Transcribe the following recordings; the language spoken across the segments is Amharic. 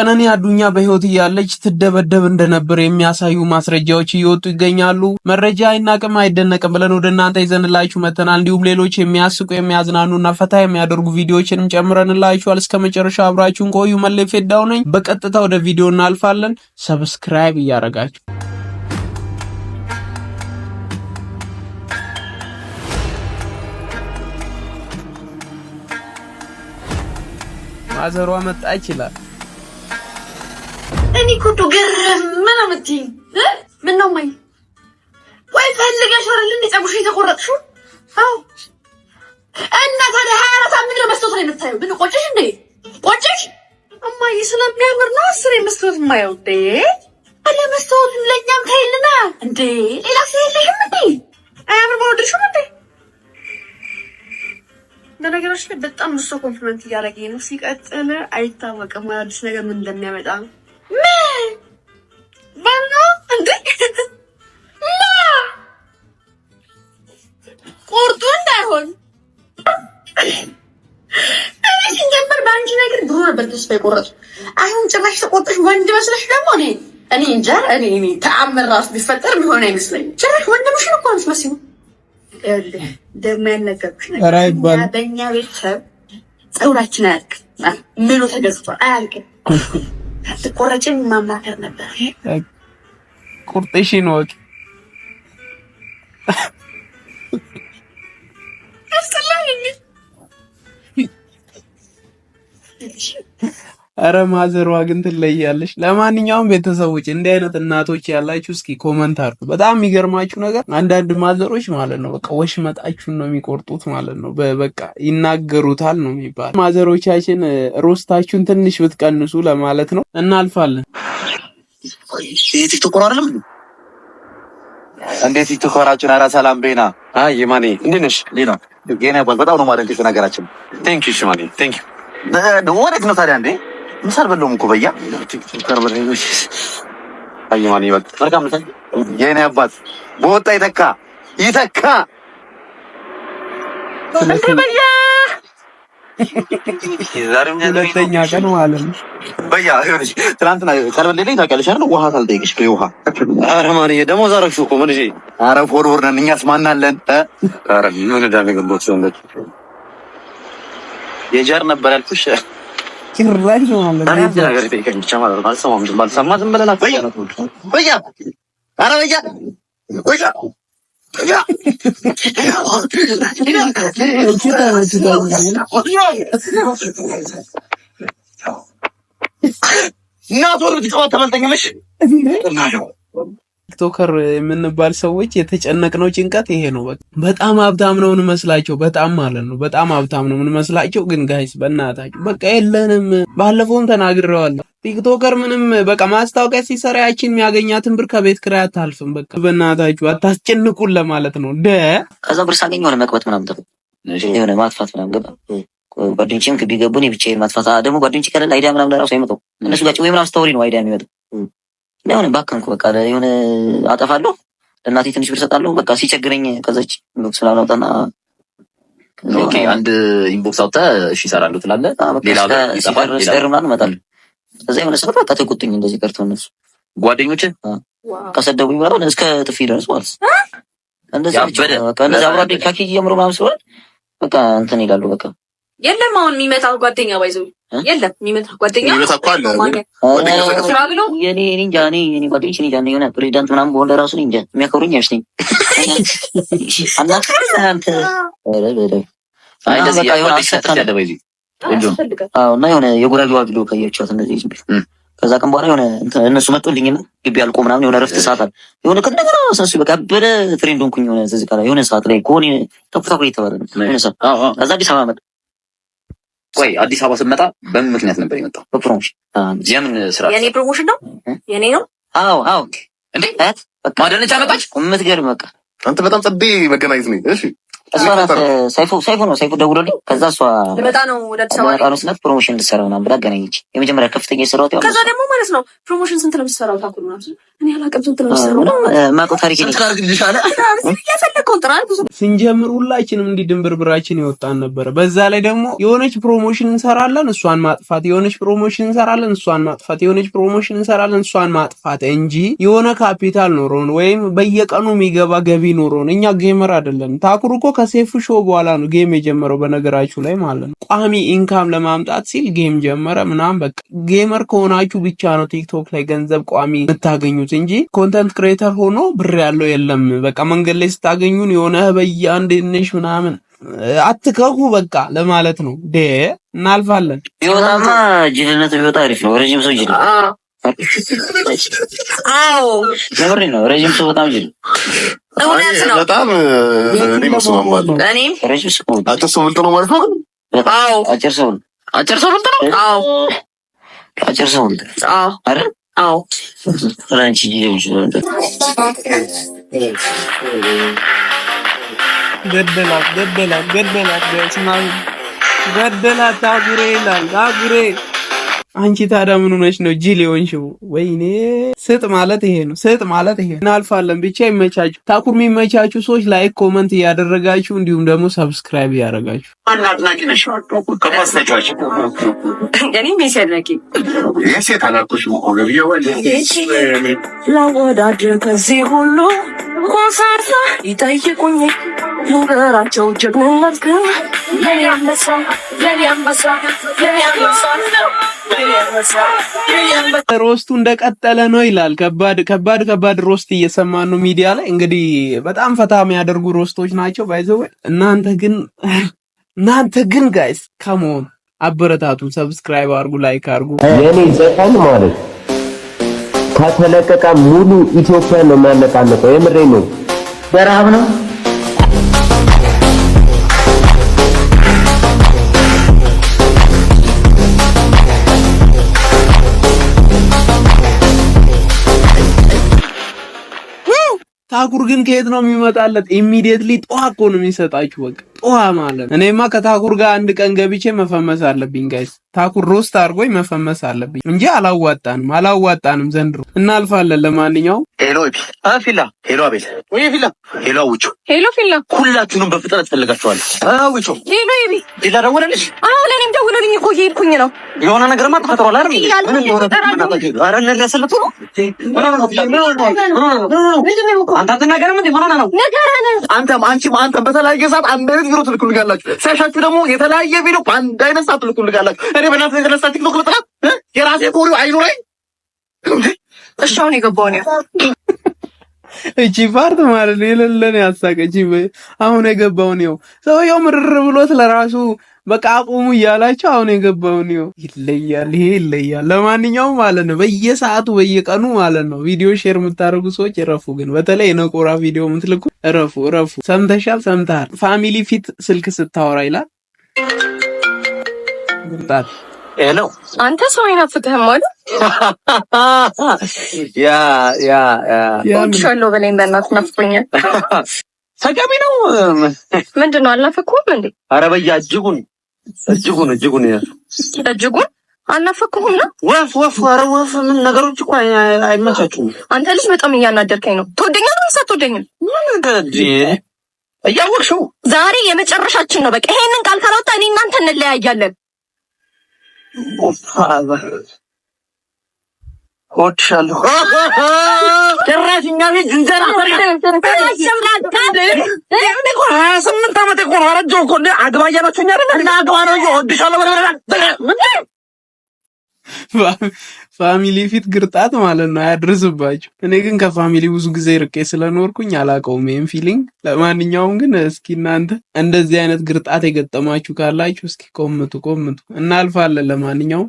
ቀነኒ አዱኛ በህይወት እያለች ትደበደብ እንደነበር የሚያሳዩ ማስረጃዎች እየወጡ ይገኛሉ። መረጃ አይናቅም አይደነቅም ብለን ወደ እናንተ ይዘንላችሁ መተናል። እንዲሁም ሌሎች የሚያስቁ የሚያዝናኑና ፈታ የሚያደርጉ ቪዲዮዎችንም ጨምረንላችኋል። እስከ መጨረሻ አብራችሁን ቆዩ። መለፌ ነኝ። በቀጥታ ወደ ቪዲዮ እናልፋለን። ሰብስክራይብ እያደረጋችሁ ማዘሯ መጣ ይችላል እኔ እኮ እንደው ገረም ምን አመትኝ? ምነው እማዬ፣ ወይ ፈልገሽ አይደል እንደ ፀጉርሽን የተቆረጥሽው? አዎ። እና ታዲያ ሀያ አራት አምድረ መስታወት ላይ የምታየው ምን ቆጨሽ እንዴ? ቆጨሽ እማዬ? ስለሚያምር ነው አስሬ መስታወት የማየው እንዴ? አለ መስታወት ለእኛም ታይልና እንዴ? ሌላ ሰው የለሽም እንዴ? አያምርም አልወደድሽውም እንዴ? በነገራችን ላይ በጣም ብዙ ኮምፕሊመንት እያደረገኝ ነው። ሲቀጥል አይታወቅም አዲስ ነገር ምን እንደሚያመጣ ነው። አሁን ሲጀመር በአንቺ ነገር ድሮ ነበር ተስፋ የቆረጡ። አሁን ጭራሽ ተቆጥሽ ወንድ መስለሽ ደግሞ እኔ እኔ እንጃ እኔ እኔ ተአምር ራሱ ቢፈጠር የሚሆን አይመስለኝም። ጭራሽ ወንድ ምሽን እኮ አትመስይም። ደግሞ ያልነገርኩሽ ነገር በእኛ ቤተሰብ ፀጉራችን አያልቅም፣ ምኑ ተገዝቶ አያልቅም። ትቆረጭን ማማከር ነበር። ቁርጥሽን ወቅ አረ ማዘሯ ግን ትለያለች። ለማንኛውም ቤተሰቦች እንዲህ አይነት እናቶች ያላችሁ እስኪ ኮመንት አርጉ። በጣም የሚገርማችሁ ነገር አንዳንድ ማዘሮች ማለት ነው በቃ ወሽመጣችሁን ነው የሚቆርጡት ማለት ነው። በቃ ይናገሩታል ነው የሚባል። ማዘሮቻችን ሮስታችሁን ትንሽ ብትቀንሱ ለማለት ነው። እናልፋለን። ቲክቶክ አይደለም እንዴ? ቲክቶክ ሰላም ቤና። አይ ማኔ እንዴት ነሽ? ሌላ ጌና ይባል በጣም ነው ማደንቅሽ። በነገራችን ቴንክ ዩ ሽማኔ ቴንክ ዩ። ወዴት ነው ታዲያ እንዴ? ምሳ አልበላሁም እኮ በያ የኔ አባት በወጣ ይተካ ይተካ በያ ሁለተኛ ቀን ማለት ነው። በያ ይኸውልሽ፣ ትናንትና ቀርበልልኝ ታውቂያለሽ አይደል? ውሃ ሳልጠይቅሽ ውሃ። ኧረ ማርዬ ደሞዝ አደረግሽው እኮ ምን? ኧረ ፎርወርድ ነን እኛስ ማናለን? ኧረ ምን ዕዳ ነው የገባሁት የጃር ነበር ያልኩሽ። ጭራሽ ማለት ነው። ባልሰማ ዝም ብለህ በያ በያ፣ በያ በያ ቲክቶከር የምንባል ሰዎች የተጨነቅነው ጭንቀት ይሄ ነው። በጣም ሀብታም ነው እንመስላቸው፣ በጣም ማለት ነው። በጣም ሀብታም ነው እንመስላቸው። ግን ጋይስ በእናታቸው በቃ የለንም። ባለፈውም ተናግሬዋለሁ። ቲክቶከር ምንም በቃ ማስታወቂያ ሲሰራ ያችን የሚያገኛትን ብር ከቤት ኪራይ አታልፍም። በቃ በእናታችሁ አታስጨንቁን ለማለት ነው። እንደ ከዛ ብር ሳገኝ ሆነ መቅበት ምናምን ተፈ ሆነ ማጥፋት ምናምን ገባ ጓደኞቼም ግቢ ገቡ። እኔ ብቻዬን ማጥፋት ደግሞ ጓደኞቼ ከሌለ አይዲያ ምናምን ለራሱ አይመጣው እነሱ ጋር ወይ ምናምን ስታወሪ ነው አይዲያ የሚመጣው። ሆነ ባከንኩ በቃ የሆነ አጠፋለሁ፣ ለእናቴ ትንሽ ብር ሰጣለሁ። በቃ ሲቸግረኝ ከዛች ኢንቦክስ ምናምን አውጣና አንድ ኢንቦክስ አውጥተህ እሺ እሰራለሁ ትላለህ፣ ሌላ ምናምን እመጣለሁ ከዛ የሆነ ሰፈር በቃ ተቆጡኝ። እንደዚህ ቀርቶ እነሱ ጓደኞች ከሰደቡኝ ምናምን እስከ ጥፊ ድረስ ማለት እንደዚህ አብሮ አደግ ካኪ ጀምሮ ምናምን ስለሆነ በቃ እንትን ይላሉ። በቃ የለም አሁን የሚመጣ ጓደኛ ባይዘው የለም እና የሆነ የጉራጌዋ ቪዲዮ ካያቸዋት እንደዚህ ከዛ ቀን በኋላ የሆነ እነሱ መጡልኝና ግቢ አልቆ ምናምን የሆነ ረፍት ሰዓት አለ የሆነ ከእንደገና ሰሱ በቃ በደ ትሬንድ ሆንኩኝ። የሆነ ዘዚ ካላ የሆነ ሰዓት ላይ ከሆነ ተኩታኩ የተባለ የሆነ ሰዓት ከዛ አዲስ አበባ መጣ። ቆይ አዲስ አበባ ስትመጣ በምን ምክንያት ነበር የመጣው? በፕሮሞሽን የምን ስራ? የኔ ፕሮሞሽን ነው የኔ ነው። አዎ አዎ። እንዴ ማደነቻ መጣች። የምትገርም በቃ አንተ በጣም ጸዴ መገናኘት ነኝ። እሺ እሷ ናት ሰይፉ ሰይፉ ነው ሰይፉ ደውሎልኝ፣ ከዛ እሷ ልመጣ ነው ወደ አዲስ አበባ ልመጣ ነው ስላት ፕሮሞሽን እንድትሰራ ምናምን ብላ አገናኘች። የመጀመሪያ ከፍተኛ የሰራሁት ያው ከዛ ደግሞ ማለት ነው ፕሮሞሽን ስንት ነው የምትሰራው? ታኩል እኔ አላውቅም ስንት ነው የምትሰራው? ታሪክ ነው ስንጀምር ሁላችንም እንዲህ ድንብርብራችን የወጣን ነበረ። በዛ ላይ ደግሞ የሆነች ፕሮሞሽን እንሰራለን እሷን ማጥፋት፣ የሆነች ፕሮሞሽን እንሰራለን እሷን ማጥፋት፣ የሆነች ፕሮሞሽን እንሰራለን እሷን ማጥፋት እንጂ የሆነ ካፒታል ኖሮን ወይም በየቀኑ የሚገባ ገቢ ኖሮን እኛ ጌመር አይደለም ታኩር እኮ ከሴፍ ሾው በኋላ ነው ጌም የጀመረው በነገራችሁ ላይ ማለት ነው። ቋሚ ኢንካም ለማምጣት ሲል ጌም ጀመረ ምናምን። በቃ ጌመር ከሆናችሁ ብቻ ነው ቲክቶክ ላይ ገንዘብ ቋሚ የምታገኙት እንጂ ኮንተንት ክሬተር ሆኖ ብር ያለው የለም። በቃ መንገድ ላይ ስታገኙን የሆነ በያ እንድንሽ ምናምን አትከፉ በቃ ለማለት ነው። ደ እናልፋለን። ቢወጣማ ጅልነት ቢወጣ አሪፍ ነው። ረዥም ሰው ጅል አዎ፣ ነው። ረዥም ሰው በጣም ጅል እውነት ነው። በጣም እኔ መስማማለሁ። እኔም አጭር ሰው ብልጥ ነው ማለት ነው። አዎ አጭር ሰው አጭር ሰው ብልጥ ነው። አዎ አጭር ሰው ብልጥ አዎ። አረ አዎ ፍራንቺ ጂጂ ገደላት ገደላት ገደላት ገደላት አጉሬ ይላል አጉሬ አንቺ ታዲያ ምን ሆነሽ ነው ጅል የሆንሽው? ወይኔ ስጥ ማለት ይሄ ነው። ስጥ ማለት ይሄ እናልፋለን። ብቻ ይመቻችሁ። ታኩርም የሚመቻችሁ ሰዎች ላይክ፣ ኮመንት እያደረጋችሁ እንዲሁም ደግሞ ሰብስክራይብ እያደረጋችሁ ለወዳድር ይጠይቁኝ ነገራቸው ጀግንነት ግን ለኔ አንበሳ ለኔ አንበሳ ለኔ አንበሳ ሮስቱ እንደቀጠለ ነው ይላል። ከባድ ከባድ ከባድ ሮስት እየሰማን ነው ሚዲያ ላይ እንግዲህ በጣም ፈታ የሚያደርጉ ሮስቶች ናቸው። ባይዘው እናንተ ግን እናንተ ግን ጋይስ ከመሆን አበረታቱ፣ ሰብስክራይብ አርጉ፣ ላይክ አርጉ። የኔ ዘፈን ማለት ከተለቀቀ ሙሉ ኢትዮጵያ ነው የሚያለቃለቀው። የምሬ ነው። በረሃብ ነው ታኩር ግን ከየት ነው የሚመጣለት? ኢሚዲየትሊ ጠዋት እኮ ነው የሚሰጣችሁ በቃ ጧ ማለት እኔማ ከታኩር ጋር አንድ ቀን ገብቼ መፈመስ አለብኝ ጋይስ። ታኩር ሮስት አድርጎኝ መፈመስ አለብኝ እንጂ አላዋጣንም፣ አላዋጣንም ዘንድሮ። እናልፋለን። ለማንኛውም ሄሎ ቢ ፊላ፣ ሄሎ አቤል፣ ወይ ፊላ፣ ሄሎ ውጮ፣ ሄሎ ፊላ፣ ሁላችሁንም በፍጥነት ፈልጋችኋል። ውጮ፣ ሄሎ ቢ ፊላ ደወለልሽ? አዎ ለእኔም ደውለልኝ እኮ እየሄድኩኝ ነው። የሆነ ነገርማ ተፈጥሯል አይደል? ምን ነው አንተ ምን ሆነህ ነው? አንተም አንቺ አንተ በተለያየ ሰዓት አንበሪ ቪዲዮ ትልኩልጋላችሁ፣ ሲያሻችሁ ደግሞ የተለያየ ቪዲዮ በአንድ አይነት ሰዓት ትልኩልጋላችሁ። እኔ በእናት የተነሳ ቲክቶክ ልጥላት የራሴ ፖሪ አይኑ ላይ እሺ፣ አሁን የገባውን እቺ ፓርት ማለት ነው የሌለን ያሳቀች። አሁን የገባውን ይኸው ሰውየው ምርር ብሎት ለራሱ በቃ አቁሙ እያላቸው አሁን የገባው ነው። ይለያል፣ ይሄ ይለያል። ለማንኛውም ማለት ነው በየሰዓቱ በየቀኑ ማለት ነው ቪዲዮ ሼር የምታደርጉ ሰዎች እረፉ። ግን በተለይ የነቆራ ቪዲዮ የምትልኩ እረፉ፣ እረፉ። ሰምተሻል፣ ሰምተሃል። ፋሚሊ ፊት ስልክ ስታወራ ይላል ሄሎ አንተ ሰው አይን አፍትህም አሉ ያ ያ ወድሻለሁ በላይ በእናትህ ናፍቆኛል። ተገቢ ነው። ምንድን ነው አልናፈኩህም እንዴ? ኧረ በያ እጅጉን እጅጉን እጅጉን እጅጉን አልናፈኩህም ነው። ወፍ ወፍ ኧረ ወፍ ምን ነገሮች እኮ አይመቻችሁም። አንተ ልጅ በጣም እያናደርከኝ ነው። ትወደኛለህ ወይስ አትወደኝም? እያወቅሽው ዛሬ የመጨረሻችን ነው። በቃ ይሄንን ቃል ካላወጣ እኔ እናንተ እንለያያለን። ስምንት ዓመት የቆራረጆ እኮ አግባ እያላችሁኝ አይደል? አግባ ነው ወድሻለሁ ፋሚሊ ፊት ግርጣት ማለት ነው አያድርስባቸው። እኔ ግን ከፋሚሊ ብዙ ጊዜ ርቄ ስለኖርኩኝ አላውቀውም ይህም ፊሊንግ። ለማንኛውም ግን እስኪ እናንተ እንደዚህ አይነት ግርጣት የገጠማችሁ ካላችሁ እስኪ ቆምቱ ቆምቱ፣ እናልፋለን። ለማንኛውም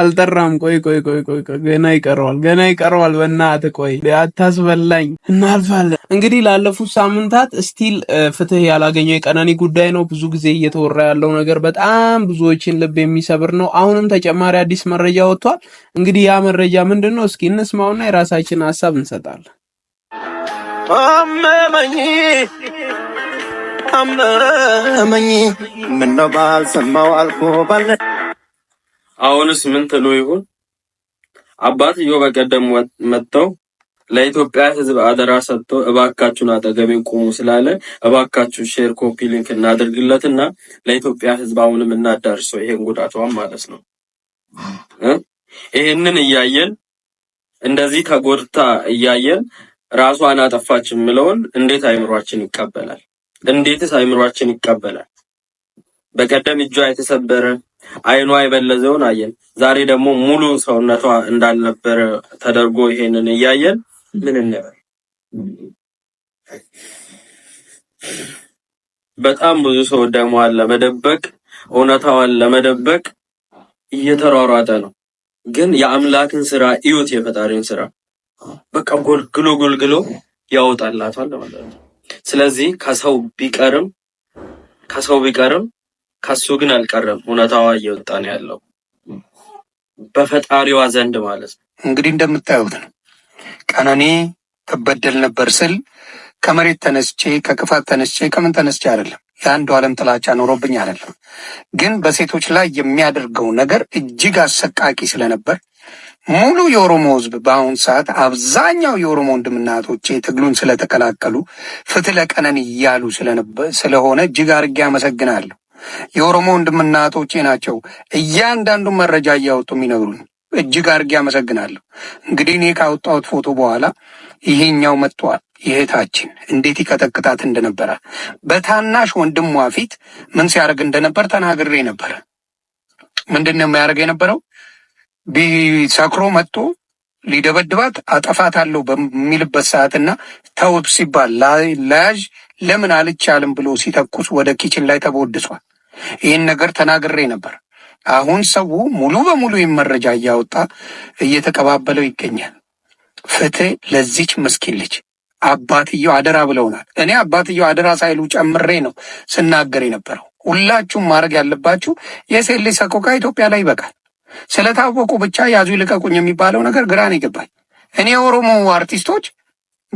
አልጠራም። ቆይ ቆይ ቆይ ቆይ ገና ይቀረዋል፣ ገና ይቀረዋል። በእናትህ ቆይ አታስበላኝ። እናልፋለን እንግዲህ ላለፉት ሳምንታት ስቲል ፍትህ ያላገኘው የቀነኒ ጉዳይ ነው። ብዙ ጊዜ እየተወራ ያለው ነገር በጣም ብዙዎችን ልብ የሚሰብር ነው። አሁንም ተጨማሪ አዲስ መረጃ ወጥቷል። እንግዲህ ያ መረጃ ምንድን ነው? እስኪ እንስማውና የራሳችንን ሀሳብ እንሰጣለን። አመመኝ አመመኝ ምነው ባልሰማው ባለ አሁንስ ምን ትሉ ይሆን? አባትየው በቀደም መጥተው ለኢትዮጵያ ሕዝብ አደራ ሰጥተው እባካችሁን አጠገብ ቁሙ ስላለ እባካችሁ ሼር ኮፒ ሊንክ እናደርግለትና ለኢትዮጵያ ሕዝብ አሁንም እናዳርሰው ይሄን ጉዳቷን ማለት ነው። ይሄንን እያየን እንደዚህ ተጎድታ እያየን ራሷን አጠፋች የምለውን እንዴት አይምሯችን ይቀበላል? እንዴትስ አይምሯችን ይቀበላል? በቀደም እጇ የተሰበረ አይኗ የበለዘውን አየን። ዛሬ ደግሞ ሙሉ ሰውነቷ እንዳልነበረ ተደርጎ ይሄንን እያየን ምን እንበል? በጣም ብዙ ሰው ደግሞ አለ ለመደበቅ እውነታዋን ለመደበቅ እየተሯሯጠ ነው። ግን የአምላክን ስራ እዩት፣ የፈጣሪን ስራ በቃ ጎልግሎ ጎልግሎ ያወጣላታል ማለት ነው። ስለዚህ ከሰው ቢቀርም ከሰው ቢቀርም ከሱ ግን አልቀረም። እውነታዋ እየወጣ ነው ያለው በፈጣሪዋ ዘንድ ማለት ነው። እንግዲህ እንደምታዩት ነው። ቀነኒ ትበደል ነበር ስል ከመሬት ተነስቼ ከክፋት ተነስቼ ከምን ተነስቼ አይደለም። የአንዱ ዓለም ጥላቻ ኖሮብኝ አይደለም። ግን በሴቶች ላይ የሚያደርገው ነገር እጅግ አሰቃቂ ስለነበር ሙሉ የኦሮሞ ህዝብ በአሁን ሰዓት አብዛኛው የኦሮሞ ወንድምናቶቼ ትግሉን ስለተቀላቀሉ ፍትህ ለቀነኒ እያሉ ስለሆነ እጅግ አድርጌ አመሰግናለሁ። የኦሮሞ ወንድምናቶቼ ናቸው እያንዳንዱ መረጃ እያወጡ የሚነግሩን። እጅግ አድርጌ አመሰግናለሁ። እንግዲህ እኔ ካወጣሁት ፎቶ በኋላ ይሄኛው መጥቷል። ይሄታችን እንዴት ይቀጠቅጣት እንደነበረ በታናሽ ወንድሟ ፊት ምን ሲያደርግ እንደነበር ተናግሬ ነበረ። ምንድን ነው የሚያደርግ የነበረው? ቢሰክሮ መጥቶ ሊደበድባት አጠፋታለሁ በሚልበት ሰዓትና ተው ሲባል ለያዥ ለምን አልቻልም ብሎ ሲተኩስ ወደ ኪችን ላይ ተቦድሷል። ይህን ነገር ተናግሬ ነበር። አሁን ሰው ሙሉ በሙሉ መረጃ እያወጣ እየተቀባበለው ይገኛል። ፍትህ ለዚች ምስኪን ልጅ አባትየው አደራ ብለውናል። እኔ አባትየው አደራ ሳይሉ ጨምሬ ነው ስናገር የነበረው። ሁላችሁም ማድረግ ያለባችሁ የሴት ልጅ ሰቆቃ ኢትዮጵያ ላይ ይበቃል። ስለታወቁ ብቻ ያዙ ይልቀቁኝ የሚባለው ነገር ግራ ነው የገባኝ። እኔ የኦሮሞ አርቲስቶች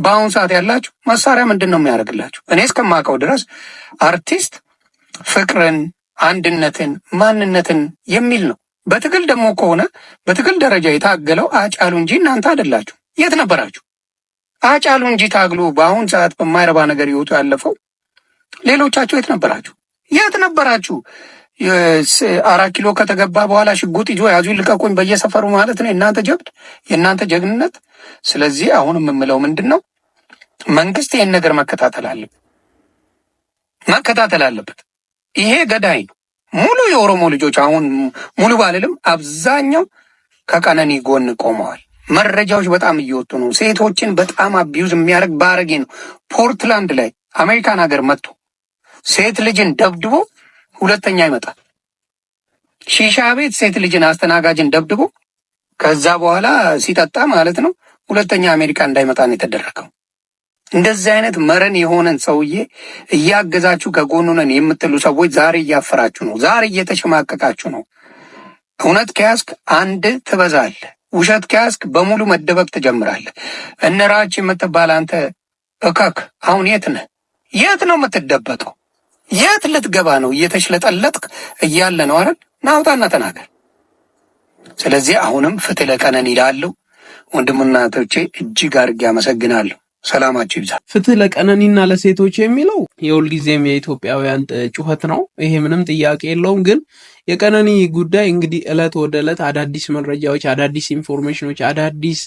በአሁኑ ሰዓት ያላችሁ መሳሪያ ምንድን ነው የሚያደርግላችሁ? እኔ እስከማውቀው ድረስ አርቲስት ፍቅርን፣ አንድነትን፣ ማንነትን የሚል ነው። በትግል ደግሞ ከሆነ በትግል ደረጃ የታገለው አጫሉ እንጂ እናንተ አይደላችሁ። የት ነበራችሁ? አጫሉ እንጂ ታግሎ በአሁን ሰዓት በማይረባ ነገር ህይወቱ ያለፈው ሌሎቻችሁ የት ነበራችሁ? የት ነበራችሁ? አራት ኪሎ ከተገባ በኋላ ሽጉጥ ይዞ ያዙ ልቀቁኝ በየሰፈሩ ማለት ነው የእናንተ ጀብድ፣ የእናንተ ጀግንነት። ስለዚህ አሁን የምምለው ምንድን ነው፣ መንግስት ይህን ነገር መከታተል አለበት፣ መከታተል አለበት። ይሄ ገዳይ ነው። ሙሉ የኦሮሞ ልጆች አሁን ሙሉ ባልልም አብዛኛው ከቀነኒ ጎን ቆመዋል። መረጃዎች በጣም እየወጡ ነው። ሴቶችን በጣም አቢዩዝ የሚያደርግ ባረጌ ነው። ፖርትላንድ ላይ አሜሪካን ሀገር መጥቶ ሴት ልጅን ደብድቦ ሁለተኛ ይመጣል። ሺሻ ቤት ሴት ልጅን አስተናጋጅን ደብድቦ ከዛ በኋላ ሲጠጣ ማለት ነው። ሁለተኛ አሜሪካ እንዳይመጣ ነው የተደረገው። እንደዚህ አይነት መረን የሆነን ሰውዬ እያገዛችሁ ከጎኑ ነን የምትሉ ሰዎች ዛሬ እያፈራችሁ ነው። ዛሬ እየተሸማቀቃችሁ ነው። እውነት ከያዝክ አንድ ትበዛለህ። ውሸት ከያዝክ በሙሉ መደበቅ ትጀምራለህ። እነራች የምትባል አንተ እከክ አሁን የት ነህ? የት ነው የምትደበቀው? የት ልትገባ ነው? እየተሽለጠለጥክ እያለ ነው አይደል? ናውጣና ተናገር። ስለዚህ አሁንም ፍትህ ለቀነኒ ይላሉ። ወንድምና እህቶቼ እጅግ አድርጌ አመሰግናለሁ። ሰላማቸው ይብዛል። ፍትህ ለቀነኒና ለሴቶች የሚለው የሁልጊዜም የኢትዮጵያውያን ጩኸት ነው። ይሄ ምንም ጥያቄ የለውም። ግን የቀነኒ ጉዳይ እንግዲህ እለት ወደ እለት አዳዲስ መረጃዎች፣ አዳዲስ ኢንፎርሜሽኖች፣ አዳዲስ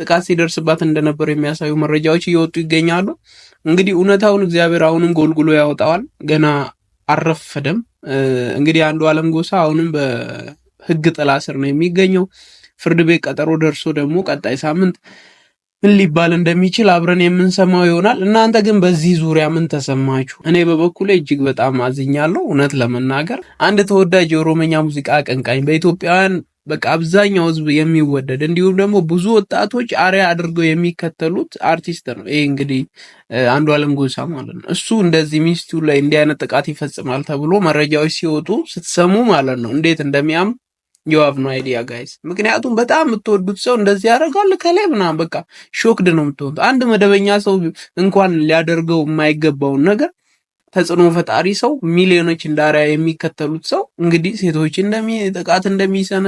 ጥቃት ሲደርስባት እንደነበር የሚያሳዩ መረጃዎች እየወጡ ይገኛሉ። እንግዲህ እውነታውን እግዚአብሔር አሁንም ጎልጉሎ ያወጣዋል። ገና አረፈደም። እንግዲህ አንዱ አለም ጎሳ አሁንም በህግ ጥላ ስር ነው የሚገኘው። ፍርድ ቤት ቀጠሮ ደርሶ ደግሞ ቀጣይ ሳምንት ምን ሊባል እንደሚችል አብረን የምንሰማው ይሆናል። እናንተ ግን በዚህ ዙሪያ ምን ተሰማችሁ? እኔ በበኩሌ እጅግ በጣም አዝኛለሁ። እውነት ለመናገር አንድ ተወዳጅ የኦሮመኛ ሙዚቃ አቀንቃኝ በኢትዮጵያውያን በቃ አብዛኛው ህዝብ የሚወደድ እንዲሁም ደግሞ ብዙ ወጣቶች አሪያ አድርገው የሚከተሉት አርቲስት ነው። ይሄ እንግዲህ አንዷለም ጎሳ ማለት ነው። እሱ እንደዚህ ሚስቱ ላይ እንዲህ አይነት ጥቃት ይፈጽማል ተብሎ መረጃዎች ሲወጡ ስትሰሙ ማለት ነው እንዴት እንደሚያም የዋብ ነው አይዲያ ጋይስ። ምክንያቱም በጣም የምትወዱት ሰው እንደዚህ ያደርጋል ከላይ ምናምን በቃ ሾክድ ነው የምትሆኑት። አንድ መደበኛ ሰው እንኳን ሊያደርገው የማይገባውን ነገር ተጽዕኖ ፈጣሪ ሰው ሚሊዮኖች እንዳሪያ የሚከተሉት ሰው እንግዲህ ሴቶች እንደሚ ጥቃት እንደሚሰነ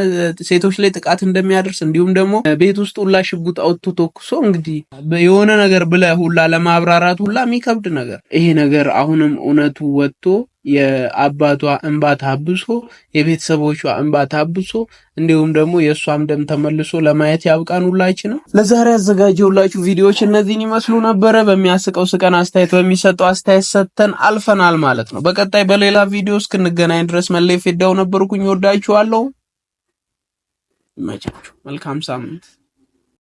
ሴቶች ላይ ጥቃት እንደሚያደርስ እንዲሁም ደግሞ ቤት ውስጥ ሁላ ሽጉጥ አውጥቶ ተኩሶ እንግዲህ የሆነ ነገር ብለ ሁላ ለማብራራት ሁላ የሚከብድ ነገር ይሄ ነገር አሁንም እውነቱ ወጥቶ የአባቷ እንባ ታብሶ የቤተሰቦቿ እንባ ታብሶ እንዲሁም ደግሞ የእሷም ደም ተመልሶ ለማየት ያብቃን። ሁላችንም ለዛሬ ያዘጋጀሁላችሁ ቪዲዮዎች እነዚህን ይመስሉ ነበረ። በሚያስቀው ስቀን አስተያየት በሚሰጠው አስተያየት ሰጥተን አልፈናል ማለት ነው። በቀጣይ በሌላ ቪዲዮ እስክንገናኝ ድረስ መለ። ፌዳው ነበርኩኝ። ወዳችኋለሁ። ይመቻችሁ። መልካም ሳምንት